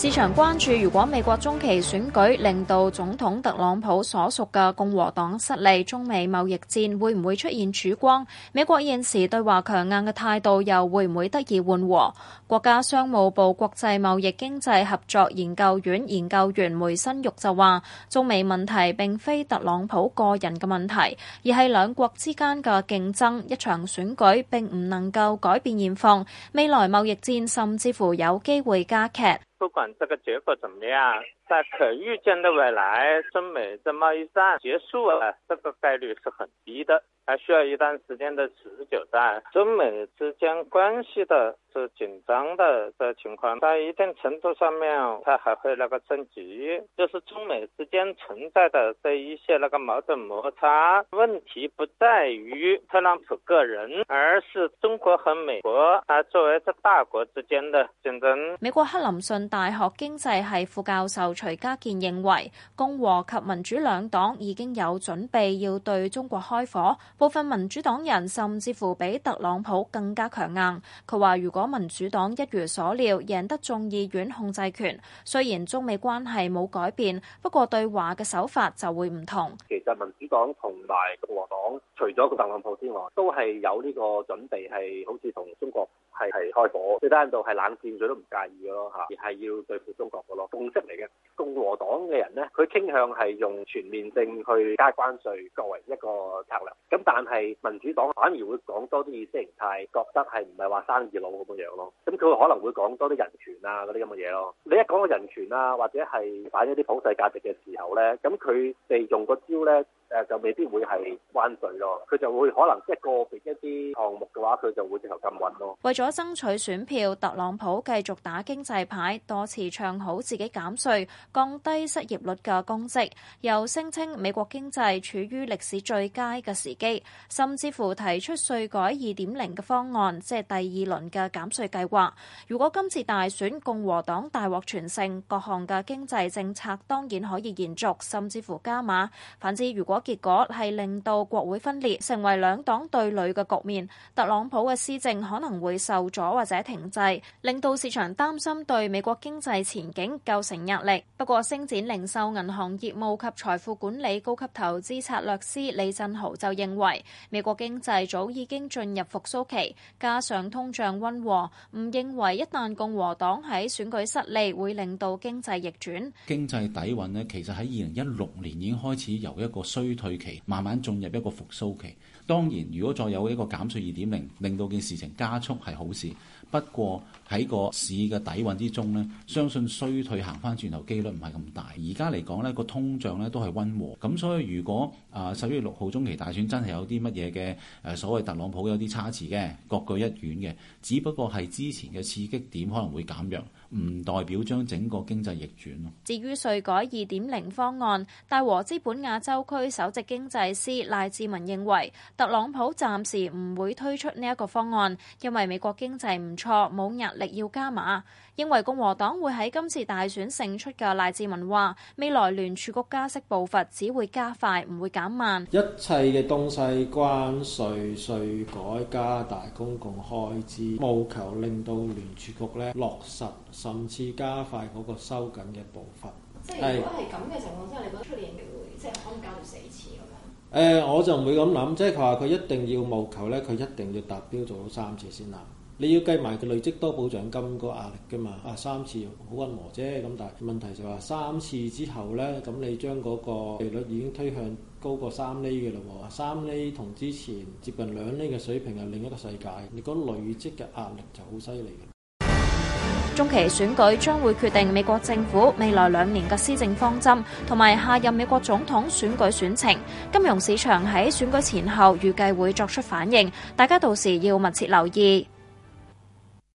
市場關注，如果美國中期選舉令到總統特朗普所屬嘅共和黨失利，中美貿易戰會唔會出現曙光？美國現時對華強硬嘅態度又會唔會得以緩和？國家商務部國際貿易經濟合作研究院研究員梅新育就話：中美問題並非特朗普個人嘅問題，而係兩國之間嘅競爭。一場選舉並唔能夠改變現況，未來貿易戰甚至乎有機會加劇。不管這個結果怎麼樣，在可預見的未來，中美這貿易戰結束了，這個概率是很低的，還需要一段時間的持久戰。中美之間關係的緊張的情況，在一定程度上面，它還會那個升級。就是中美之間存在的這一些那個矛盾摩擦問題，不在於特朗普個人，而是中國和美國它作為這大國之間的競爭。美國克林信大學經濟系副教授徐家健認為，共和及民主兩黨已經有準備要對中國開火，部分民主黨人甚至乎比特朗普更加強硬。佢話如果，民主黨一如所料贏得眾議院控制權，雖然中美關係冇改變，不過對華嘅手法就會唔同。其實民主黨同埋共和黨除咗特朗普之外，都係有呢個準備，係好似同中國。係係開火，即係最低限度係冷戰，佢都唔介意咯嚇，而係要對付中國個咯，共識嚟嘅。共和黨嘅人咧，佢傾向係用全面性去加關稅作為一個策略。咁但係民主黨反而會講多啲意識形態，覺得係唔係話生意佬咁嘅樣咯。咁佢可能會講多啲人權啊嗰啲咁嘅嘢咯。你一講到人權啊，或者係擺一啲普世價值嘅時候咧，咁佢哋用個招咧。誒就未必會係關稅咯，佢就會可能即係個別一啲項目嘅話，佢就會進行禁運咯。為咗爭取選票，特朗普繼續打經濟牌，多次唱好自己減稅、降低失業率嘅功績，又聲稱美國經濟處於歷史最佳嘅時機，甚至乎提出稅改二點零嘅方案，即係第二輪嘅減稅計劃。如果今次大選共和黨大獲全勝，各項嘅經濟政策當然可以延續，甚至乎加碼，反之，如果結果係令到國會分裂，成為兩黨對壘嘅局面。特朗普嘅施政可能會受阻或者停滯，令到市場擔心對美國經濟前景構成壓力。不過，星展零售銀行業務及財富管理高級投資策略師李振豪就認為，美國經濟早已經進入復蘇期，加上通脹溫和，唔認為一旦共和黨喺選舉失利會令到經濟逆轉。經濟底蘊呢，其實喺二零一六年已經開始由一個衰。衰退期慢慢進入一個復蘇期，當然如果再有一個減稅二點零，令到件事情加速係好事。不過喺個市嘅底蘊之中呢，相信衰退行翻轉頭幾率唔係咁大。而家嚟講呢，個通脹呢都係溫和，咁所以如果啊十一月六號中期大選真係有啲乜嘢嘅誒所謂特朗普有啲差池嘅各具一院嘅，只不過係之前嘅刺激點可能會減弱，唔代表將整個經濟逆轉咯。至於稅改二點零方案，大和資本亞洲區。首席經濟師賴志文認為，特朗普暫時唔會推出呢一個方案，因為美國經濟唔錯，冇壓力要加碼。認為共和黨會喺今次大選勝出嘅賴志文話，未來聯儲局加息步伐只會加快，唔會減慢。一切嘅東西，關稅、稅改、加大公共開支，務求令到聯儲局咧落實甚至加快嗰個收緊嘅步伐。即係如果係咁嘅情況，即係你覺得出年嘅？即係空唔四次咁樣，呃？我就唔會咁諗，即係佢話佢一定要務求咧，佢一定要達標做到三次先啦。你要計埋佢累積多保障金個壓力㗎嘛？啊，三次好溫和啫，咁但係問題就係三次之後咧，咁你將嗰個利率已經推向高過三厘嘅嘞喎，三厘同之前接近兩厘嘅水平係另一個世界，你覺得累積嘅壓力就好犀利嘅。中期選舉將會決定美國政府未來兩年嘅施政方針，同埋下任美國總統選舉選情。金融市場喺選舉前後預計會作出反應，大家到時要密切留意。